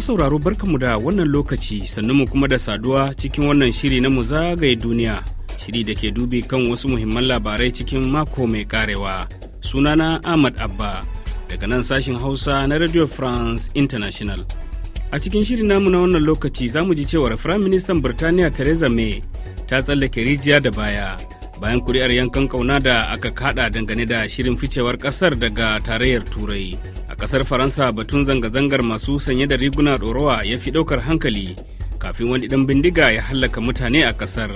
sauraro barkanmu da wannan lokaci sannu mu kuma da saduwa cikin wannan shiri na mu zagaye duniya shiri da ke dubi kan wasu muhimman labarai cikin mako mai karewa sunana ahmad abba daga nan sashin hausa na radio france international a cikin shirin namu na wannan lokaci za mu ji cewar firaministan birtaniya theresa may ta tsallake rijiya da baya bayan kuri'ar yankan kauna da aka kada dangane da shirin ficewar kasar daga tarayyar turai kasar faransa batun zanga-zangar masu sanye da riguna ɗorawa ya fi ɗaukar hankali kafin wani ɗan bindiga ya hallaka mutane a kasar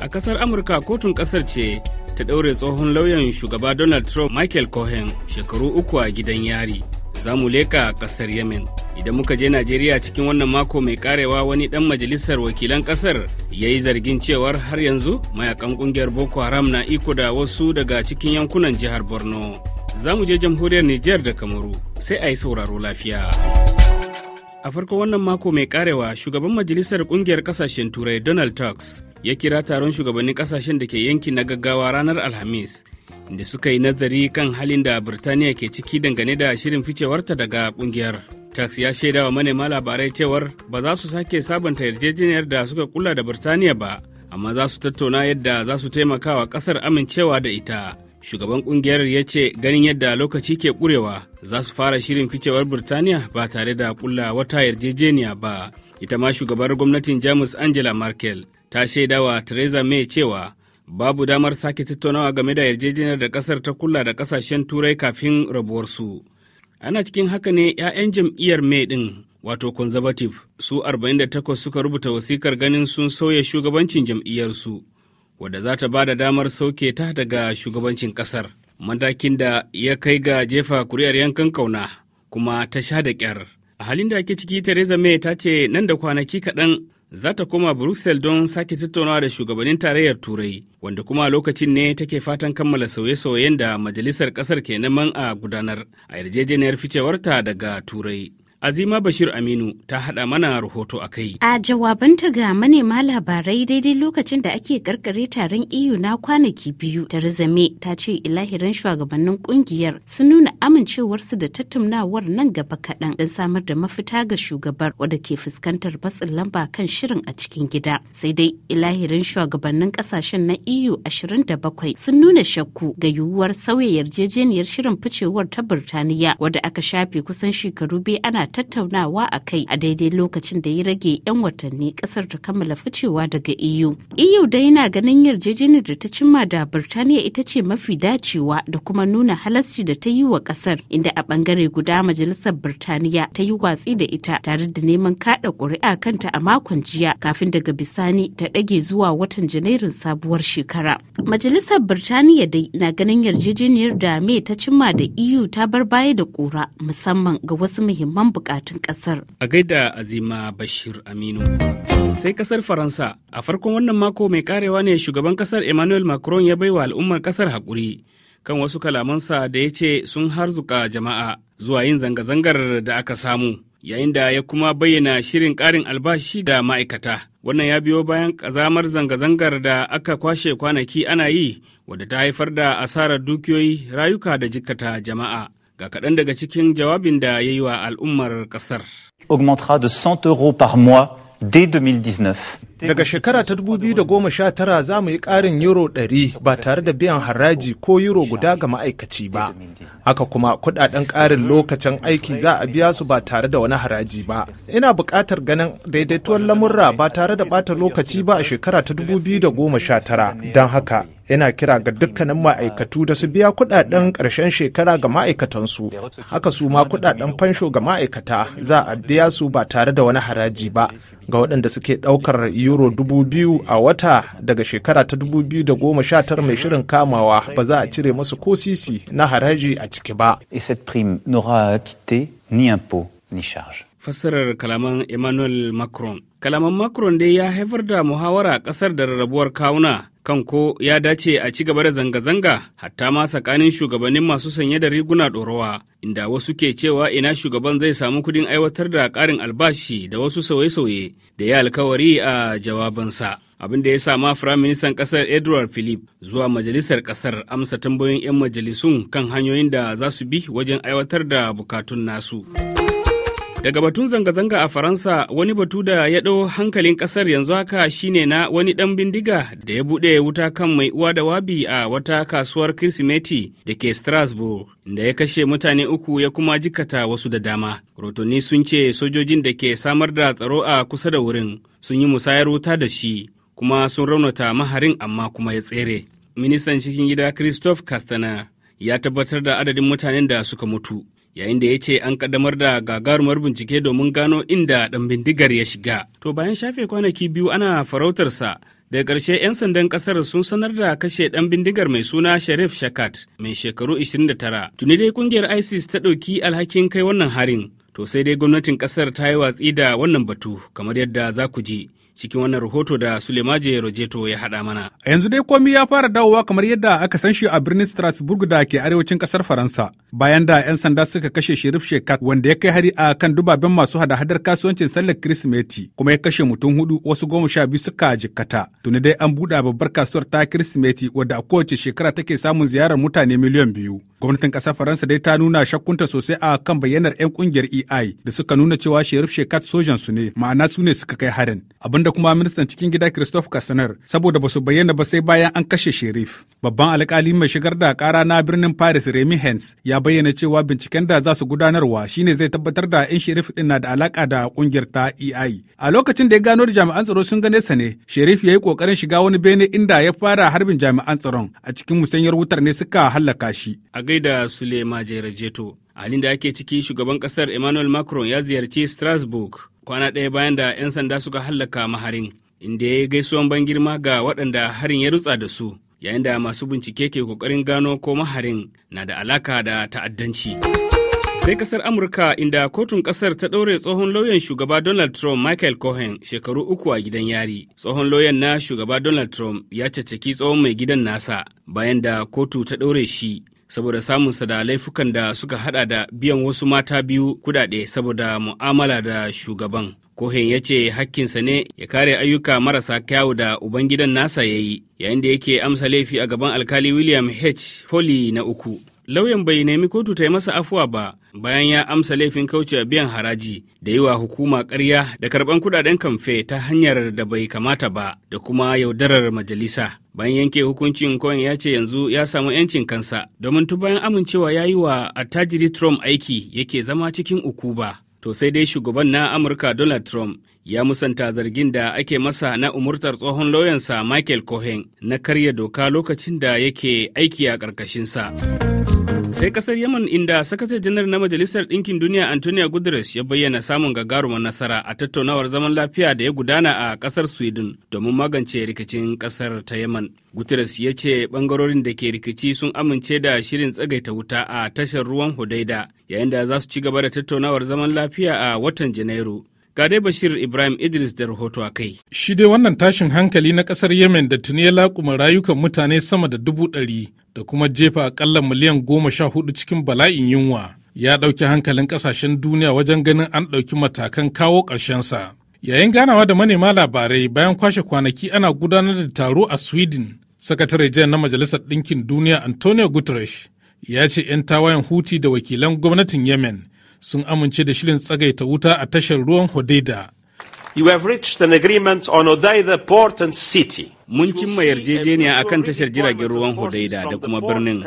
a kasar amurka kotun kasar ce ta ɗaure tsohon lauyan shugaba donald trump michael cohen shekaru uku a gidan yari za mu leka kasar yemen idan muka je najeriya cikin wannan mako mai karewa wani ɗan majalisar wakilan kasar ya yi zargin cewar har yanzu mayakan ƙungiyar boko haram na iko da wasu daga cikin yankunan jihar borno Za mu je jamhuriyar Nijar da Kamaru sai a yi sauraro lafiya. A farko wannan mako mai karewa shugaban majalisar kungiyar kasashen turai Donald Tusk ya kira taron shugabannin kasashen da ke yanki na gaggawa ranar Alhamis da suka yi nazari kan halin da Birtaniya ke ciki dangane da shirin ficewarta daga kungiyar. Tax ya shaida wa manema labarai cewar ba za su sake sabanta yarjejeniyar da suka kula da Birtaniya ba, amma za su tattauna yadda za su taimaka wa ƙasar amincewa da ita. shugaban kungiyar ya ce ganin yadda lokaci ke kurewa za su fara shirin ficewar birtaniya ba tare da kulla wata yarjejeniya ba ita ma shugabar gwamnatin jamus angela merkel ta shaidawa theresa may cewa babu damar sake tattaunawa game da yarjejeniyar da kasar ta kula da kasashen turai kafin rabuwarsu ana cikin haka ne 'ya'yan jam'iyyar may din wato conservative su 48 suka rubuta wasikar ganin sun sauya shugabancin jam'iyyar su. wadda za ta ba da damar sauke ta daga shugabancin ƙasar. Matakin da ya kai ga jefa kuri'ar yankan kauna kuma ta sha da kyar A halin da ake ciki Theresa May ta ce nan da kwanaki kaɗan za ta koma Brussels don sake tattaunawa da shugabannin tarayyar Turai, wanda kuma lokacin ne take fatan kammala sauye-sauyen da majalisar ƙasar ke neman a gudanar a yarjejeniyar ficewarta daga Turai. Azima Bashir Aminu ta haɗa mana rahoto a kai. A jawabanta ga manema labarai daidai lokacin da ake karkare taron EU na kwanaki biyu, Tarizame ta ce ilahirin shugabannin kungiyar sun nuna amincewarsu da tattaunawar nan gaba kaɗan don samar da mafita ga shugabar wadda ke fuskantar batsin lamba kan shirin a cikin gida. Sai dai ilahirin shugabannin ƙasashen na EU 27 sun nuna shakku ga yiwuwar sauya yarjejeniyar shirin ficewar ta Birtaniya wadda aka shafe kusan shekaru biyu ana tattaunawa a kai a daidai lokacin da ya rage 'yan watanni kasar ta kammala ficewa daga EU. EU da yana ganin yarjejeniyar da ta cimma da Birtaniya ita ce mafi dacewa da kuma nuna halasci da ta yi wa kasar inda a bangare guda majalisar Birtaniya ta yi watsi da ita tare da neman kada ƙuri'a kanta a makon jiya kafin daga bisani ta ɗage zuwa watan Janairun sabuwar shekara. Majalisar Birtaniya dai na ganin yarjejeniyar da me ta cimma da EU ta bar baya da ƙura musamman ga wasu muhimman bukatun kasar. A gaida Azima Bashir Aminu. Sai kasar Faransa, a farkon wannan mako mai karewa ne shugaban kasar Emmanuel Macron ya baiwa al'ummar kasar hakuri kan wasu kalamansa da ya ce sun harzuka jama'a zuwa yin zanga-zangar da aka samu. Yayin da ya kuma bayyana shirin ƙarin albashi da ma'aikata. Wannan ya biyo bayan ƙazamar zanga-zangar da aka kwashe kwanaki ana yi wadda ta haifar da asarar dukiyoyi rayuka da jikkata jama'a. Augmentera de 100 euros par mois dès 2019. Daga shekara ta 2019 za mu yi ƙarin euro ɗari ba tare da biyan haraji ko euro guda ga ma'aikaci ba. Haka kuma kuɗaɗen ƙarin lokacin aiki za a biya su ba tare da wani haraji ba. Ina buƙatar ganin daidaituwar lamurra ba tare da ɓata lokaci ba a shekara ta tara. don haka ina kira ga dukkanin ma'aikatu da su biya kuɗaɗen ƙarshen shekara ga ma'aikatansu haka su ma kuɗaɗen fansho ga ma'aikata za a biya su ba tare da wani haraji ba ga waɗanda suke ɗaukar euro dubu biyu a wata daga shekara ta dubu biyu da goma sha tara mai shirin kamawa ba za a cire masu ko sisi na haraji a ciki ba. Et cette prime n'aura ni impôt ni charge. fassarar kalaman Emmanuel Macron. Kalaman Macron dai ya haifar da muhawara ƙasar da rarrabuwar kawuna kan ko ya dace a ci gaba da zanga-zanga hatta ma tsakanin shugabannin masu sanye da riguna ɗorowa inda wasu ke cewa ina shugaban zai samu kudin aiwatar da ƙarin albashi da wasu sauye-sauye da ya alkawari a jawabansa. abin da ya sama firaministan ƙasar edward philip zuwa majalisar ƙasar amsa tambayoyin 'yan majalisun kan hanyoyin da za su bi wajen aiwatar da bukatun nasu. Daga batun zanga-zanga a Faransa wani batu da ya ɗau hankalin ƙasar yanzu haka shine na wani ɗan bindiga da ya buɗe wuta kan mai uwa da wabi a wata kasuwar Kirsimeti da ke Strasbourg da ya kashe mutane uku ya kuma jikata wasu da dama. Rotoni sun ce sojojin da ke samar da tsaro a kusa da wurin sun yi musayar wuta da shi kuma sun raunata maharin amma kuma ya tsere. Ministan cikin gida Christophe Castana ya tabbatar da adadin mutanen da suka mutu. yayin da ya ce an kaddamar da gagarumar bincike domin gano inda ɗan bindigar ya shiga. To bayan shafe kwanaki biyu ana farautarsa, daga karshe 'yan sandan ƙasar sun sanar da kashe ɗan bindigar mai suna Sharif Shakat mai shekaru 29. Tuni dai kungiyar ISIS ta ɗauki alhakin kai wannan harin. To sai dai gwamnatin ƙasar ta yi watsi da wannan batu kamar yadda za ku ji. cikin wannan rahoto da Sulemaje Rojeto ya haɗa mana. A yanzu dai komi ya fara dawowa kamar yadda aka san shi a birnin Strasbourg da ke arewacin ƙasar Faransa bayan da 'yan sanda suka kashe Sherif Shekat wanda ya kai hari a kan dubaben masu hada-hadar kasuwancin sallar Kirsimeti kuma ya kashe mutum hudu wasu goma sha biyu suka jikkata. Tuni dai an buɗe babbar kasuwar ta Kirsimeti wadda a kowace shekara take samun ziyarar mutane miliyan biyu. Gwamnatin ƙasar Faransa dai ta nuna shakkunta sosai a kan bayyanar 'yan ƙungiyar EI da suka nuna cewa Sherif Shekat sojan su ne, ma'ana su ne suka kai harin. Abinda kuma ministan cikin gida Christophe Kasanar saboda ba su bayyana ba sai bayan an kashe Sherif. Babban alkali mai shigar da kara na birnin Paris Remy Hens ya bayyana cewa binciken da za su gudanarwa shine zai tabbatar da 'yan Sherif din na da alaka da ƙungiyar ta EI. A lokacin da ya gano da jami'an tsaro sun gane sa ne, Sherif ya yi ƙoƙarin shiga wani bene inda ya fara harbin jami'an tsaron a cikin musanyar wutar ne suka hallaka shi. A da Sulema Jeto. halin da ake ciki shugaban kasar Emmanuel Macron ya ziyarci Strasbourg kwana ɗaya bayan da 'yan sanda suka hallaka maharin, inda ya yi gaisuwan ban girma ga waɗanda harin ya rutsa da su, yayin da masu bincike ke ƙoƙarin gano ko maharin na da alaka da ta'addanci. Sai kasar Amurka inda kotun kasar ta ɗaure tsohon lauyan shugaba Donald Trump Michael Cohen shekaru uku a gidan yari. Tsohon lauyan na shugaba Donald Trump ya caccaki tsohon mai gidan nasa bayan da kotu ta ɗaure shi saboda samun sa da laifukan da suka hada da biyan wasu mata biyu kudade saboda mu'amala da shugaban. kohen ya ce hakkinsa ne ya kare ayyuka marasa kyawu da Ubangidan nasa ya yi, yayin da yake amsa laifi a gaban alkali William H. Foley na uku. Lauyan bai nemi kotu ta yi masa afuwa ba, bayan ya amsa laifin kauce biyan haraji da yi wa hukuma karya da karɓan kudaden kamfe ta hanyar da bai kamata ba da kuma yaudarar majalisa. Bayan yanke hukuncin Cohen ya ce yanzu ya samu 'yancin kansa domin tun bayan amincewa ya yi wa attajiri Trump aiki yake zama cikin uku ba To sai dai shugaban na Amurka Donald Trump ya musanta zargin da ake masa na umurtar tsohon lauyansa Michael Cohen na karya doka lokacin da yake aiki a ƙarƙashinsa. Sai kasar Yemen inda sakatare janar na Majalisar Ɗinkin Duniya Antonio Guterres ya bayyana samun gagarumar nasara a tattaunawar zaman lafiya da ya gudana a kasar Sweden domin magance rikicin kasar ta yaman Guterres ya ce bangarorin da ke rikici sun amince da shirin tsagaita wuta a tashar ruwan Hudaida yayin da za su ci gaba da tattaunawar zaman lafiya a watan Janairu. dai Bashir Ibrahim Idris da rahoto a kai. Shi dai wannan tashin hankali na kasar Yemen da tuni ya laƙuma rayukan mutane sama da dubu ɗari da kuma jefa akalla miliyan goma sha hudu cikin bala'in yunwa. Ya ɗauki hankalin ƙasashen duniya wajen ganin an ɗauki matakan kawo ƙarshensa. Yayin ganawa da manema labarai bayan kwashe kwanaki ana gudanar da taro a Sweden, sakatare jiya na Majalisar Ɗinkin Duniya Antonio Guterres ya ce 'yan tawayen Huti da wakilan gwamnatin Yemen sun amince da shirin tsagaita wuta a tashar ruwan Hodeida. You have reached an agreement on Hodeida port and city. Mun cimma yarjejeniya a kan tashar jiragen ruwan Hodeida da kuma birnin,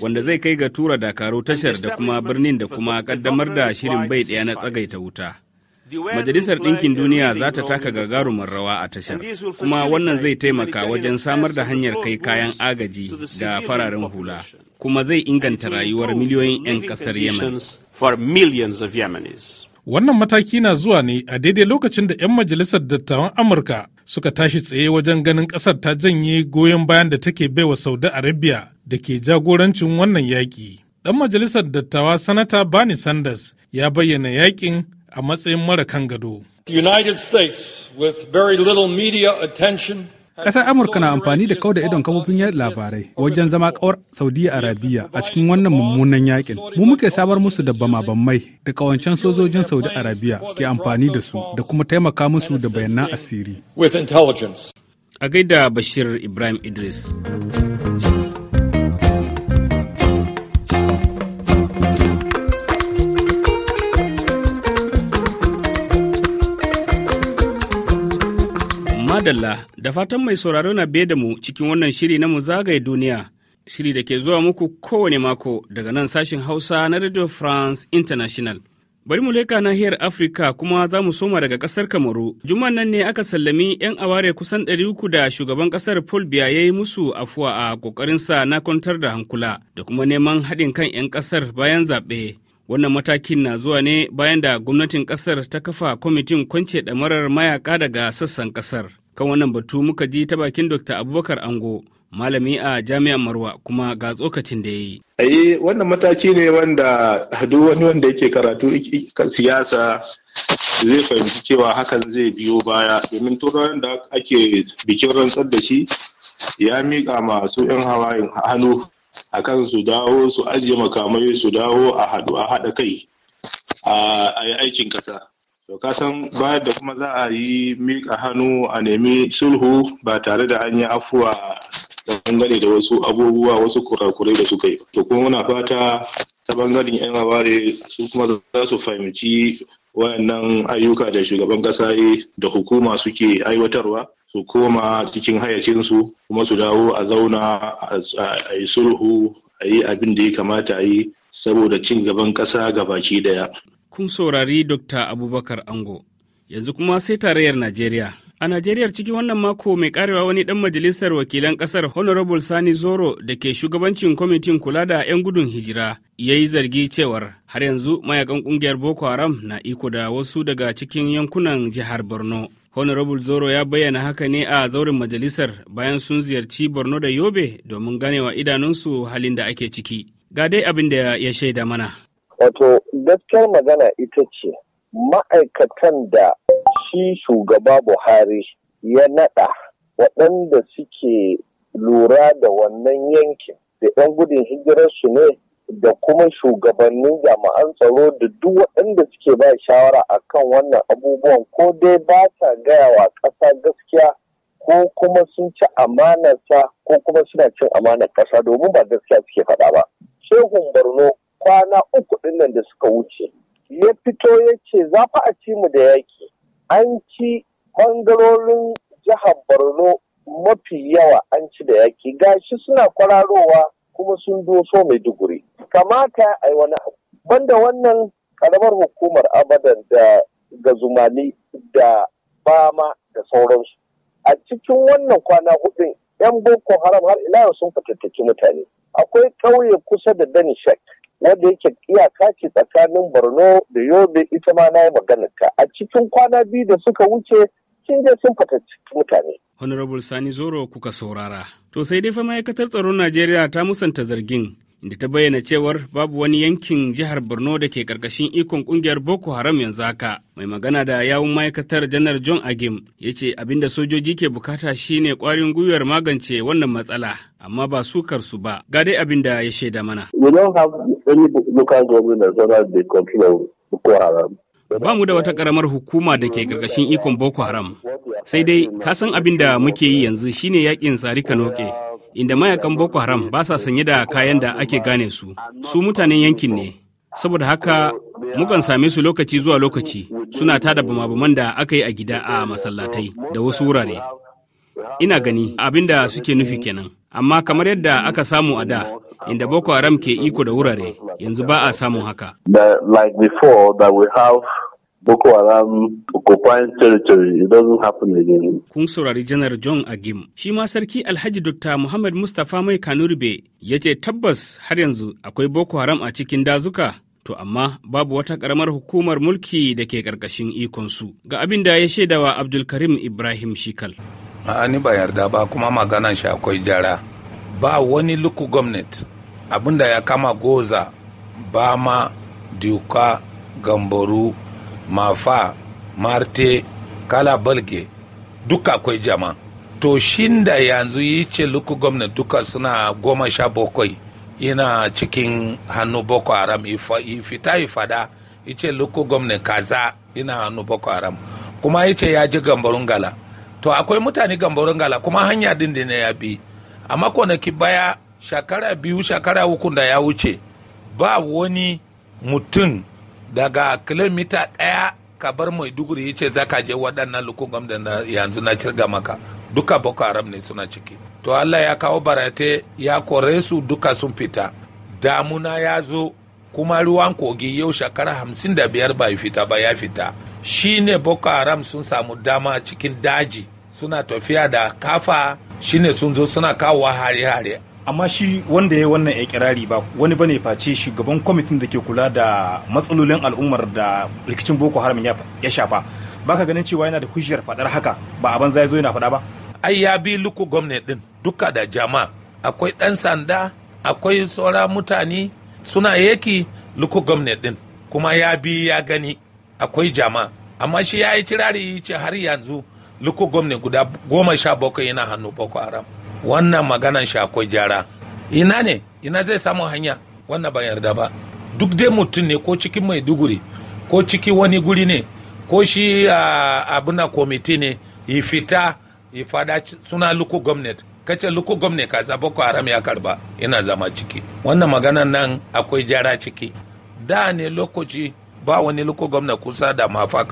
wanda zai kai ga tura dakaru tashar da kuma birnin da kuma kaddamar da shirin bai ɗaya na tsagaita wuta. Majalisar Ɗinkin Duniya za ta taka gagarumar rawa a tashar, kuma wannan zai taimaka wajen samar da hanyar kai kayan agaji da fararen hula, kuma zai inganta rayuwar miliyoyin 'yan ƙasar Yemen. for millions of Yemenis. Wannan mataki na zuwa ne a daidai lokacin da 'yan majalisar dattawan Amurka suka tashi tsaye wajen ganin ƙasar ta janye goyon bayan da take baiwa Saudi Arabia da ke jagorancin wannan yaƙi. Ɗan majalisar dattawa Sanata Bernie Sanders ya bayyana yaƙin a matsayin mara kan gado. United States, with very little media attention, Ƙasar Amurka na amfani da kauda idon kafofin yaɗa labarai wajen zama kawar Saudiya Arabiya a cikin wannan mummunan yakin. Mu muke sabar musu da bama-bammai da ƙawancen sojojin Saudi Arabiya ke amfani da su da kuma taimaka musu da bayanan asiri. A gaida Bashir Ibrahim Idris. da fatan mai sauraro na be da mu cikin wannan shiri na mu zagaye duniya shiri da ke zuwa muku kowane mako daga nan sashin hausa na radio france international bari mu leka nahiyar afirka kuma za mu soma daga kasar kamaru juma'a nan ne aka sallami 'yan aware kusan 300 da shugaban kasar paul biya ya yi musu afuwa a kokarinsa na kwantar da hankula da kuma neman haɗin kan 'yan kasar bayan zaɓe wannan matakin na zuwa ne bayan da gwamnatin kasar ta kafa kwamitin kwance ɗamarar mayaka daga sassan kasar kan wannan batu muka ji ta bakin dr abubakar ango malami a jami'an marwa kuma ga tsokacin da ya yi eh, wannan mataki ne wanda duk wani wanda yake karatu siyasa zai fahimci cewa hakan zai biyo baya domin tura da ake bikin rantsar da shi ya miƙa masu 'yan hawayin hannu a kan su dawo su ajiye makamai su dawo a haɗu a haɗa kai a aikin ƙasa to kasan bayar da kuma za a yi mika hannu a nemi sulhu ba tare da an yi afuwa da bangare da wasu abubuwa wasu kurakurai da suka yi to kuma muna fata ta bangaren yan labari su kuma za su fahimci wayannan ayyuka da shugaban kasa da hukuma suke aiwatarwa su koma cikin hayacinsu kuma su dawo a zauna a yi sulhu a yi abin da ya kamata a yi saboda cin gaban ga baki daya. kun saurari Dr. Abubakar Ango. Yanzu kuma sai tarayyar Najeriya. A Najeriya cikin wannan mako mai karewa wani ɗan majalisar wakilan ƙasar Honorable Sani Zoro da ke shugabancin kwamitin kula da 'yan gudun hijira ya yi zargi cewar har yanzu mayakan ƙungiyar Boko Haram na iko da wasu daga cikin yankunan jihar Borno. Honorable Zoro ya bayyana haka ne a zaurin majalisar bayan sun ziyarci Borno da Yobe domin ganewa idanunsu halin da ake ciki. Ga dai abin da ya shaida mana. Wato gaskiyar magana ita ce ma'aikatan da shi shugaba buhari ya naɗa waɗanda suke lura da wannan yankin da 'yan gudun su ne da kuma shugabannin jama'an tsaro da duk waɗanda suke ba shawara a kan wannan abubuwan ko dai ba ta gaya wa ƙasa gaskiya ko kuma sun ci amanarsa ko kuma suna cin amanar ƙasa domin ba gaskiya suke faɗa ba. Shehun Borno kwana uku ɗin nan da suka wuce ya fito ya ce za fa a ci mu da yaƙi an ci ɓangarorin jihar borno mafi yawa an ci da yaƙi gashi suna kwararowa kuma sun doso maiduguri kamata a yi wani abu banda wannan ƙaramar hukumar abadan da gazumali da bama da sauransu a cikin wannan kwana hudun 'yan boko haram har ila sun fatattaki mutane akwai ƙauye kusa da danishek wanda yake iyaka ce tsakanin borno da yobe ita ma na yi maganarta a cikin kwana biyu da suka wuce sun je sun cikin mutane honorable sani zoro kuka saurara to sai dai fa ma'aikatar tsaron najeriya ta musanta zargin inda ta bayyana cewar babu wani yankin jihar borno da ke karkashin ikon kungiyar boko haram yanzu haka mai magana da yawun ma'aikatar janar john agim ya ce abinda sojoji ke bukata shine kwarin gwiwar magance wannan matsala amma ba sukar su ba ga dai abin da ya shaida mana any local government long as they control Boko Haram. Ba mu da wata karamar hukuma da ke ƙarƙashin ikon Boko Haram. Sai dai ka san abin da muke yi yanzu shine yakin Sari Kanoke. Inda mayakan Boko Haram ba sa sanye da kayan da ake gane su, su mutanen yankin ne, saboda haka mukan same su lokaci zuwa lokaci suna tada bama da aka yi a gida a masallatai da wasu wurare ina gani abin da suke nufi kenan amma kamar yadda aka samu a da inda Boko Haram ke iko da wurare yanzu ba a samun haka. Like before Kun saurari Janar John Agim, shi ma sarki Alhaji Dr. Muhammad Mustapha Mai kanurbe ya ce tabbas har yanzu akwai Boko Haram a cikin dazuka. To amma babu wata karamar hukumar mulki da ke karkashin ikonsu ga abin da ya shaidawa Abdulkarim Ibrahim Shikal. A'a ni ba yarda ba kuma maganan shi akwai jara. Ba wani luku gwamnati abinda ya kama goza bama duka gambaru mafa marte kala balge duka akwai jama to shin da yanzu yi ce luku gwamna duka suna goma sha bakwai yana cikin hannu boko haram fita ifada ce luku gwamna kaza ina hannu boko haram kuma ce ya ji gambarun gala to akwai mutane gambarun gala kuma hanya din da ya bi amma kwanaki baya shekara biyu shakara uku da ya wuce ba wani mutum daga kilomita ɗaya ka bar maiduguri ya ce za ka je waɗannan lukungam da yanzu na cirga maka duka boko haram ne suna ciki to allah ya kawo barate ya kore su duka sun fita damuna ya zo kuma ruwan kogi yau shakara hamsin da biyar bai fita ba ya fita shi ne boko haram sun samu dama cikin daji suna tafiya da kafa shine sun zo suna kawo hare-hare amma shi wanda ya yi wannan kirari ba wani bane face shugaban kwamitin da ke kula da matsalolin al'ummar da rikicin boko haram ya shafa baka ganin cewa yana da hujjar fadar haka ba a banza ya zo yana fada ba ai ya bi luku gwamnati din duka da jama'a akwai dan sanda akwai saura mutane suna yaki luku gwamnati din kuma ya bi ya gani akwai jama'a amma shi ya yi kirari ce har yanzu luku gwamnati guda goma sha bakwai yana hannu boko haram wannan maganan shi akwai gyara ina ne ina zai samu hanya wannan ban yarda ba duk dai mutum ne ko cikin maiduguri ko ciki wani guri ne ko shi abuna komiti ne ya fita ya fada suna luku gwamnati kace luku gwamnati ka zaba ko haram ya karba ina zama ciki wannan maganan nan akwai gyara ciki da ne lokaci ba wani luku kusa da mafa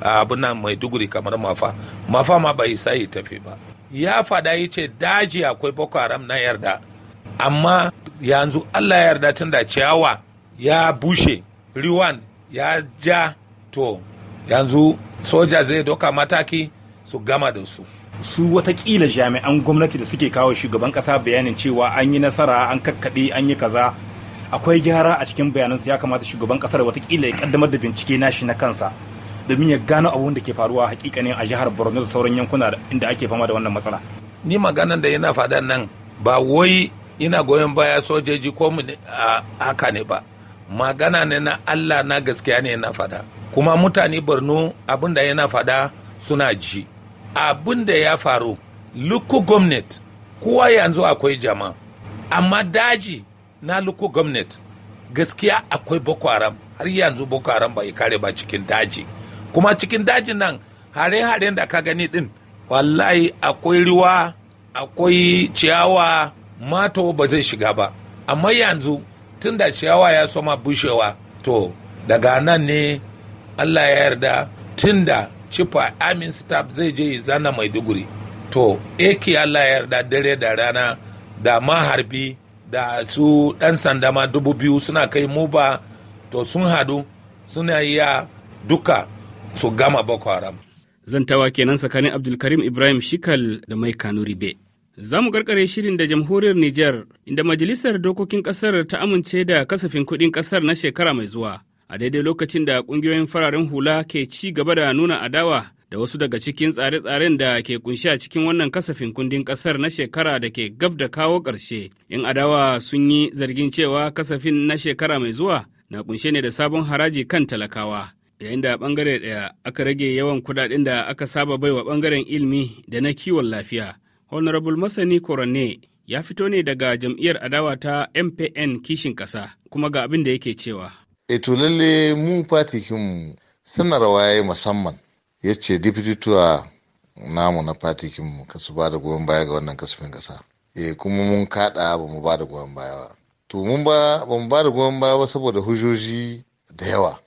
mafaka mai duguri kamar mafa mafa ma bai sai ya tafi ba ya faɗa ya ce daji akwai boko haram na yarda amma yanzu allah yarda tun da ciyawa ya bushe riwan ya ja to yanzu soja zai doka mataki su gama da su su watakila jami'an gwamnati da suke kawo shugaban kasa bayanin cewa an yi nasara an kakkaɗe an yi kaza akwai gyara a cikin bayanansu ya kamata shugaban kasar watakila ya kaddamar da bincike nashi na kansa domin ya gano abun da ke faruwa hakikanin a jihar borno da sauran yankuna inda ake fama da wannan matsala ni maganan da yana fada nan ba wai ina goyon baya sojoji ko haka ne ba magana ne na allah na gaskiya ne yana fada kuma mutane borno abin da yana fada suna ji abin da ya faru luku gwamnati kowa yanzu akwai jama amma daji na luku gwamnati gaskiya akwai boko haram har yanzu boko haram bai kare ba cikin daji kuma cikin dajin nan hare-haren da ka gani din wallahi akwai ruwa akwai ciyawa mato ba zai shiga ba amma yanzu tun da ciyawa ya soma bushewa to daga nan ne allah ya yarda tun da cifa amin staff zai je zana maiduguri to eki allah ya yarda dare da rana da maharbi da su ɗan sanda ma dubu biyu suna kai mu ba to sun hadu suna iya duka su gama boko haram zantawa kenan tsakanin abdulkarim ibrahim shikal da mai kano ribe Za mu karkare shirin da jamhuriyar Nijar, inda Majalisar Dokokin kasar ta amince da kasafin kuɗin kasar na shekara mai zuwa, a daidai lokacin da ƙungiyoyin fararen hula ke ci gaba da nuna adawa da wasu daga cikin tsare-tsaren da ke kunshi a cikin wannan kasafin kundin kasar na shekara da ke gaf da kawo ƙarshe. In adawa sun yi zargin cewa kasafin na shekara mai zuwa na kunshe ne da sabon haraji kan talakawa. yayin da bangare daya aka rage yawan kudaden da aka saba baiwa bangaren ilimi da na kiwon lafiya honorable masani koranne ya fito ne daga jam'iyyar adawa ta mpn kishin kasa kuma ga abin da yake cewa eto lalle mu fatikin sanarwa ya musamman ya ce dipitituwa namu na fatikin ka su ba da goyon baya ga wannan kasufin kasa e kuma mun kada ba mu ba da goyon baya ba to mun ba mu ba da goyon baya ba saboda hujoji da yawa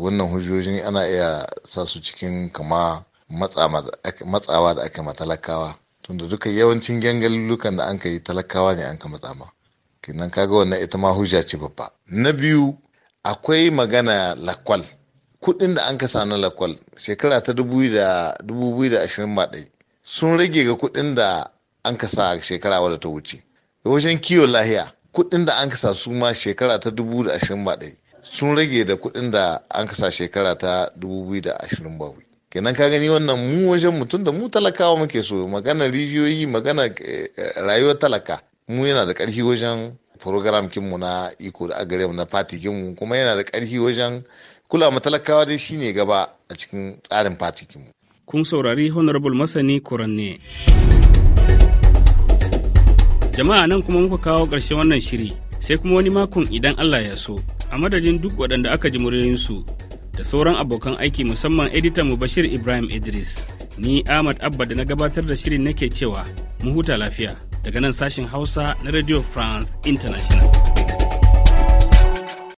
wannan hujjojin ana iya sa su cikin kama matsawa da aka talakawa tunda duka yawancin gangalulukan da an ka yi talakawa ne an ka matsama kenan kaga wannan ita ma hujja ce babba na biyu akwai magana lakwal kudin da an ka sa na lakwal shekara ta 2021 sun rage ga kudin da an ka sa shekara wadda ta wuce wajen kiyo lahiya kudin da an ka sa su ma shekara ta 2021 sun rage da kuɗin da an kasa shekara ta 2020 kenan ka gani wannan mu wajen mutum da mu talakawa muke so magana rijiyoyi magana eh, rayuwar talaka mu yana da ƙarfi wajen program kinmu na iko da agare na fati kinmu kuma yana da ƙarfi wajen kula ma talakawa dai shine gaba a cikin tsarin fati kinmu kun saurari honorable masani kuranne jama'a nan kuma muka kawo ƙarshen wannan shiri sai kuma wani makon idan allah ya so a madadin duk waɗanda aka ji muryoyinsu da sauran abokan aiki musamman editan mu Bashir Ibrahim Idris. Ni Ahmad Abba da na gabatar da shirin nake cewa mu huta lafiya daga nan sashin Hausa na Radio France International.